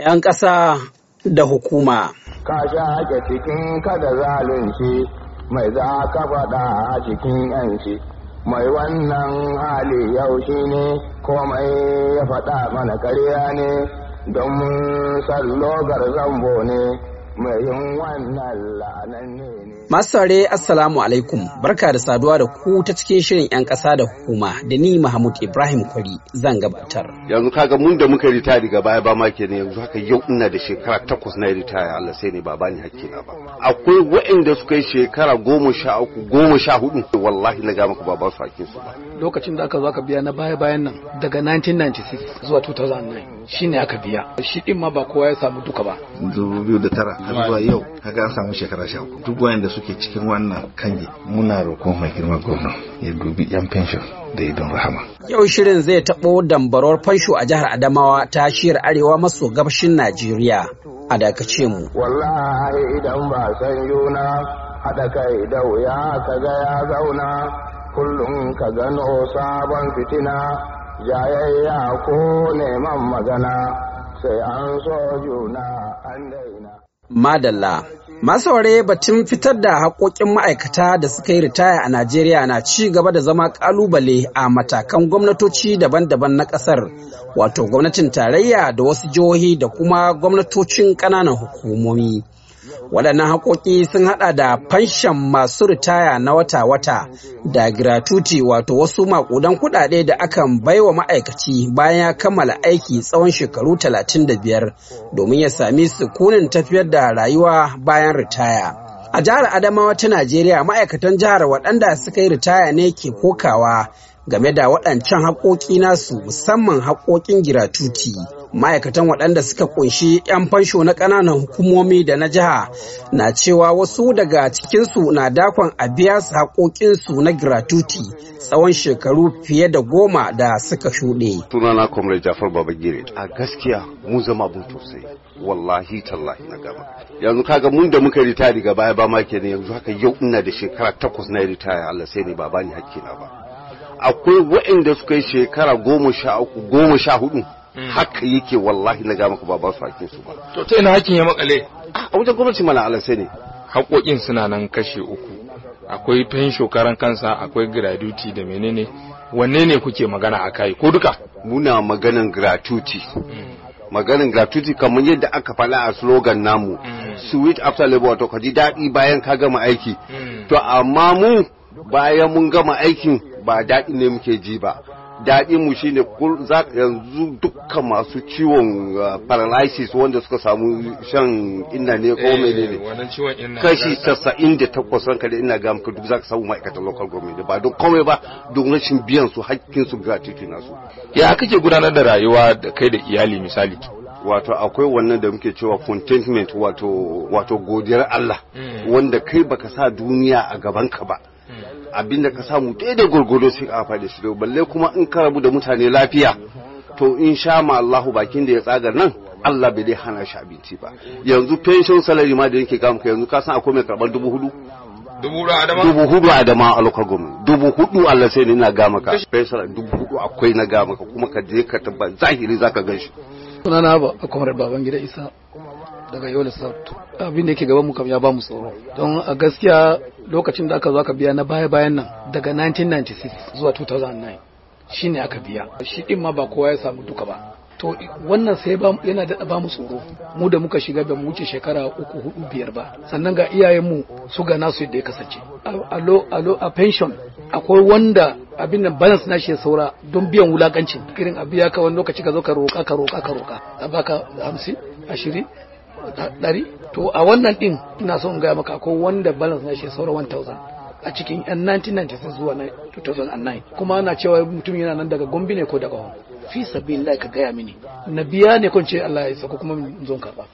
'yan ƙasa da hukuma. Ka sha ake cikin kada zalunci mai za ka faɗa a cikin yanci mai wannan hali yau shi ne komai ya faɗa mana karya ne don mun logar zambo ne Masu saurare Assalamu alaikum barka da saduwa da ku ta cikin shirin 'yan ƙasa da hukuma da ni Mahmud Ibrahim Kwari zan gabatar. Yanzu kaga mun da muka ritaya daga baya ba ma ne yanzu haka yau ina da shekara takwas na ritaya Allah sai ne ba bani hakki na ba. Akwai waɗanda suka yi shekara goma sha uku goma sha hudu wallahi na ga maka ba ba su hakkin su ba. Lokacin da aka zo aka biya na baya bayan nan daga 1996 zuwa 2009 shine aka biya. Shi din ma ba kowa ya samu duka ba. 2009 har zuwa yau kaga an samu shekara sha uku duk wanda suke cikin wannan kange muna roƙon mai girma gwamna ya dubi yan fenshon da idon rahama yau shirin zai taɓo dambarwar fansho a jihar adamawa ta shiyar arewa maso gabashin najeriya a dakace mu wallahi idan ba san juna haɗa kai da wuya ka ga ya zauna kullum ka gano sabon fitina jayayya ko neman magana sai an so juna an daina. Madalla. Masaurare batun fitar da haƙoƙin ma'aikata da suka yi ritaya a Najeriya na ci gaba da zama ƙalubale a matakan gwamnatoci daban-daban na ƙasar, wato gwamnatin tarayya da wasu jihohi da kuma gwamnatocin ƙananan hukumomi. waɗannan haƙoƙi sun haɗa da fanshan masu ritaya na wata-wata da gratuity wato wasu maƙudan kuɗaɗe da akan baiwa ma'aikaci bayan ya kammala aiki tsawon shekaru 35 domin ya sami sukunin tafiyar da rayuwa bayan ritaya. A jihar Adamawa ta Najeriya ma'aikatan jihar waɗanda suka yi ritaya ne ke kokawa game da waɗancan haƙoƙi nasu musamman haƙoƙin giratuti. ma'aikatan waɗanda suka kunshi 'yan fansho na ƙananan hukumomi da na jiha na cewa wasu daga cikinsu na dakon a biya su haƙoƙinsu na gratuity tsawon shekaru fiye da goma da suka shuɗe. sunana comrade jafar babagire a gaskiya mu zama abin tausayi wallahi tallahi na gaba yanzu kaga mun da muka ritaya daga baya ba ma kenan yanzu haka yau ina da shekara takwas na ritaya Allah sai ne ba bani hakkina ba akwai waɗanda suka yi shekara goma sha uku goma sha hudu Hmm. haka yake wallahi na ga maka ba ba su hakkin su ba to ta ina hakin ya makale ah, a wajen gwamnati mana sai ne haƙoƙin suna nan kashe uku akwai fensho shokaran kansa akwai gratuity da menene wanne ne kuke magana a kai ko duka muna maganan gratuity hmm. maganin gratuity kamar yadda aka faɗa a slogan namu hmm. sweet after labor to ka ji daɗi bayan ka gama aiki to amma mu bayan mun gama aikin ba daɗi ne muke ji ba daɗi mu shine yanzu dukkan masu ciwon uh, paralysis wanda suka samu shan inna ne ko eh, mene ne kashi tasa'in da takwas ranka da ina ga maka duk ka samu ma'aikatan local government ba don komai ba don rashin biyan su hakkin su gratuity nasu ya kake gudanar da rayuwa da kai da iyali misali wato akwai wannan da muke cewa contentment wato wato godiyar Allah mm. wanda kai baka sa duniya a gaban ka ba da ka samu daidai gwargwado sai ka faɗi su balle kuma in ka rabu da mutane lafiya to in sha ma Allahu bakin da ya tsagar nan Allah bai dai hana shi abinci ba yanzu pension salary ma da yake ga muka yanzu ka san akwai mai karban dubu hudu dubu hudu adama dubu hudu adama a local dubu hudu Allah sai ne na ga maka pension dubu hudu akwai na ga maka kuma ka je ka tabbata zahiri zaka gan shi sunana ba akwai baban gida isa daga yola south abin da yake gaban mu kam ya ba mu tsoro don a gaskiya lokacin da aka zo aka biya na baya bayan nan daga 1996 zuwa 2009 shine aka biya shi din ma ba kowa ya samu duka ba to wannan sai yana daɗa ba mu tsoro mu da muka shiga ba mu wuce shekara uku hudu biyar ba sannan ga iyayen iyayenmu su ga nasu yadda ya kasance a pension akwai wanda abin nan balance na shi saura don biyan wulakancin irin abu ya ka wani lokaci ka zo ka roka ka roka ka roka a baka hamsin ashirin ɗari to a wannan ɗin ina son gaya maka ko wanda balance na shi saura 1000 a cikin 1996 zuwa 2009 kuma ana cewa mutum yana nan daga gombe ne ko daga hon fi sabilillah ka gaya mini na biya ne kun ce Allah ya sako kuma zon karba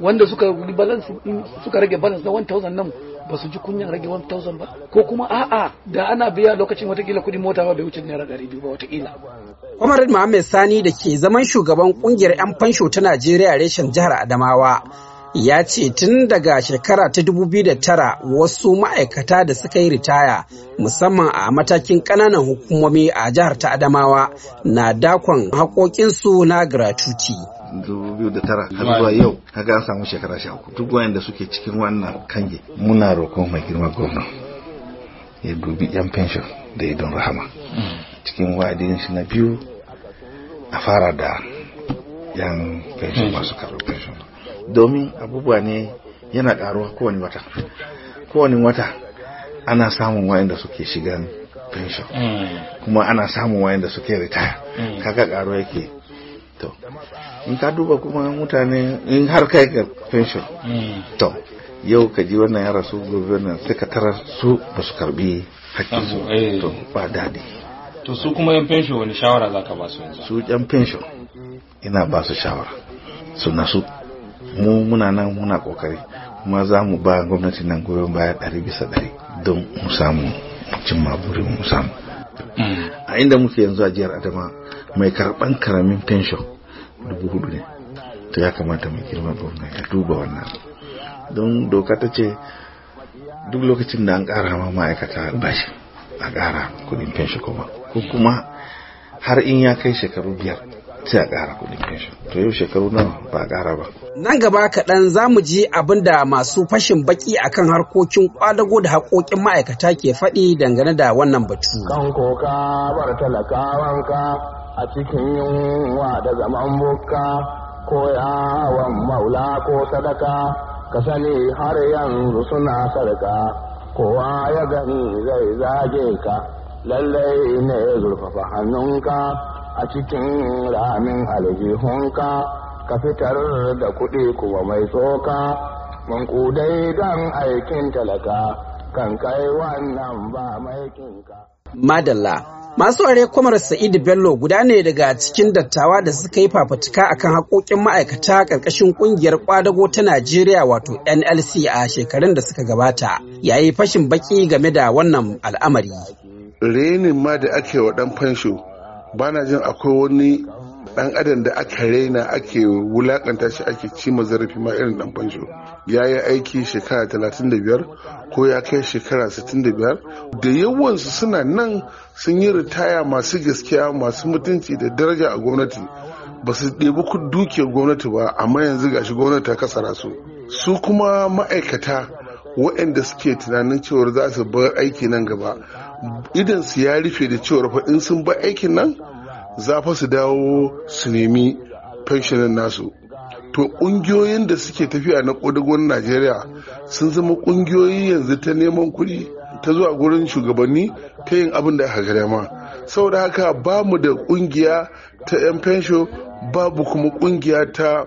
wanda suka balance suka rage balance na 1000 nan ba su ji kunyan rage 1000 ba ko kuma a'a da ana biya lokacin watakila kudin mota ba bai wuce naira 200 ba watakila Kwamarin Mohammed Sani da ke zaman shugaban kungiyar 'yan fansho ta Najeriya reshen jihar Adamawa ya ce tun daga shekara ta 2009 wasu ma'aikata da suka yi ritaya musamman a matakin ƙananan hukumomi a jihar ta Adamawa na dakon haƙoƙinsu na gratuity. 2009 har zuwa yau kaga an samu shekara sha uku duk wayanda suke cikin wannan kange muna roƙon mai girma gwamna ya dubi yan fenshon da idon rahama cikin wa'adin shi na biyu a fara da yan pension masu karo pension domin abubuwa ne yana karuwa kowane wata kowane wata ana samun da suke shigan pension mm. kuma ana samun wayanda suke retire mm. kaga karuwa yake to in ka duba kuma mutane in har kai ga pension mm. to yau ka ji wannan ya rasu gobe sai suka tara su ba su karbi hakkin su ba eh. daɗi to su kuma yan fensho wani shawara za ka ba su yanzu su yan fensho ina ba su shawara su su mu muna nan muna kokari kuma za mu ba gwamnati nan goyon baya ɗari bisa ɗari don mu samu cimma burin mu samu mm. a inda muke yanzu a jihar adama mai karban karamin fenshon dubu hudu ne to ya kamata mai girma gwamna ya duba wannan don doka ta ce duk lokacin da an ƙara ma ma'aikata albashi a ƙara kudin fenshi kuma ko kuma har in ya kai shekaru biyar sai a ƙara kudin fenshi to yau shekaru nan ba a ƙara ba nan gaba kaɗan za mu ji abin da masu fashin baki kan harkokin kwadago da haƙoƙin ma'aikata ke faɗi dangane da wannan batu kan koka bar a cikin yunwa da zaman bukka ko yawon maula ko sadaka ka sani har yanzu suna sarka kowa ya gani zai zage ka lallai ne ya zurfafa hannunka a cikin ramin aljihunka ka fitar da kuɗi kuma mai tsoka mankudai don aikin talaka kan kai wannan ba maikinka madalla Masu ware kwamar Sa'idu Bello guda ne daga cikin dattawa da suka yi fafutuka akan haƙoƙin ma'aikata ƙarƙashin ƙungiyar ƙwadago ta Najeriya wato NLC a shekarun da suka gabata. Yayi fashin baki game da wannan al'amari. Renin ma da ake wa ɗan fansho bana jin akwai wani dan adam da aka raina ake wulakanta shi ake ci zarafi ma irin dan fansho ya yi aiki shekara 35 ko ya kai shekara 65 da yawansu suna nan sun yi ritaya masu gaskiya masu mutunci da daraja a gwamnati ba su ɗebi dukiyar gwamnati ba amma yanzu gashi gwamnati ta kasara su su kuma ma'aikata waɗanda suke tunanin cewar za su bar aiki nan gaba idan su ya rufe da cewar fa in sun bar aikin nan za fa su dawo su nemi fenshinin nasu to ƙungiyoyin da suke tafiya na ƙudugun najeriya sun zama ƙungiyoyi yanzu ta neman kuɗi ta zuwa gurin shugabanni ta yin abin da aka gada ma saboda haka ba mu da ƙungiya ta 'yan fensho babu kuma ƙungiya ta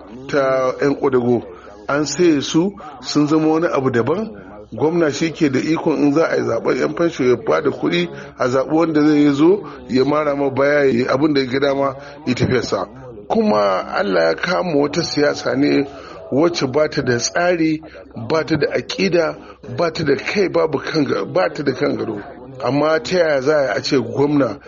'yan ƙudugu. an saye su sun zama wani abu daban gwamna shi ke da ikon in za a yi zaɓar yan fansho ya bada kuɗi a zaɓi wanda zai zo ya mara ma baya ya abin da ya ga ma ya tafiyarsa kuma allah ya kama wata siyasa ne wacce ba ta da tsari ba ta da aƙida ba ta da kai babu ba ta da kan gado amma ta yaya za a ce gwamna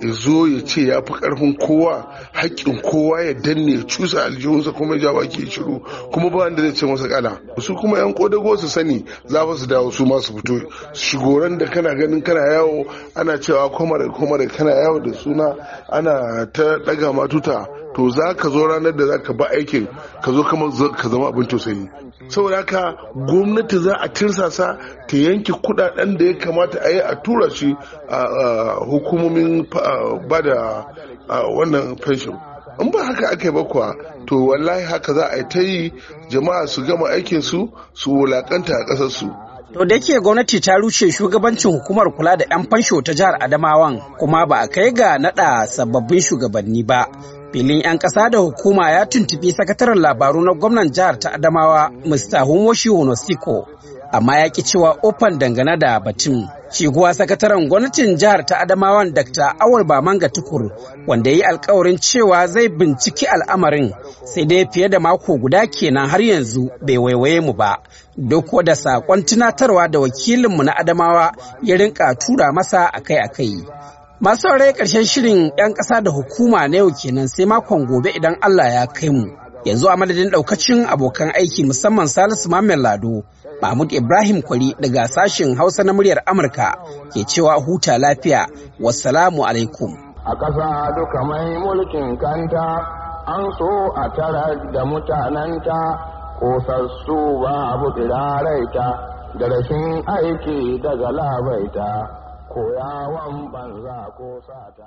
ya zo ya ce ya fi karfin kowa haƙƙin kowa ya danne cusa aljihunsa kuma jawa ke shiru kuma ba wanda zai ce masa kala su kuma yan kodago su sani za su dawo su masu fito shigoran da kana ganin kana yawo ana cewa komare komare kana yawo da suna ana ta daga matuta to za ka zo ranar da za ka ba aikin ka zo kamar ka zama abin tausayi saboda haka gwamnati za a tirsasa ta yanke kudaden da ya kamata a yi a tura shi a hukumomin ba da wannan pension in ba haka aka yi bakwa to wallahi haka za a yi ta yi jama'a su gama aikinsu su wulaƙanta a ƙasarsu To da yake gwamnati ta rushe shugabancin hukumar kula da 'yan fansho ta jihar Adamawan kuma ba a kai ga naɗa sababbin shugabanni ba. Filin 'yan ƙasa da hukuma ya tuntubi sakataren labaru na gwamnan jihar ta Adamawa, Mr. Hunwoshi Honosiko, amma ya ki cewa ofan dangane da batun. Shi sakataren gwamnatin jihar ta Adamawa Dr. Awal Bamanga Tukur wanda ya yi alkawarin cewa zai binciki al'amarin sai dai fiye da mako guda kenan har yanzu bai waiwaye mu ba. Duk da saƙon tunatarwa da wakilinmu na Adamawa ya rinka tura masa akai-akai. Masu rai ƙarshen shirin 'yan ƙasa da hukuma na yau kenan sai makon gobe idan Allah ya kai mu. Yanzu a madadin ɗaukacin abokan aiki musamman Salisu Mamman Lado. Mahmud Ibrahim Kwari daga sashen Hausa na muryar Amurka ke cewa huta lafiya. Wassalamu alaikum. A ƙasa duka mai mulkin kanta an so a tara da mutananta sassu ba abu tsiraraita da rashin aiki daga labaita koyawan banza ko sata.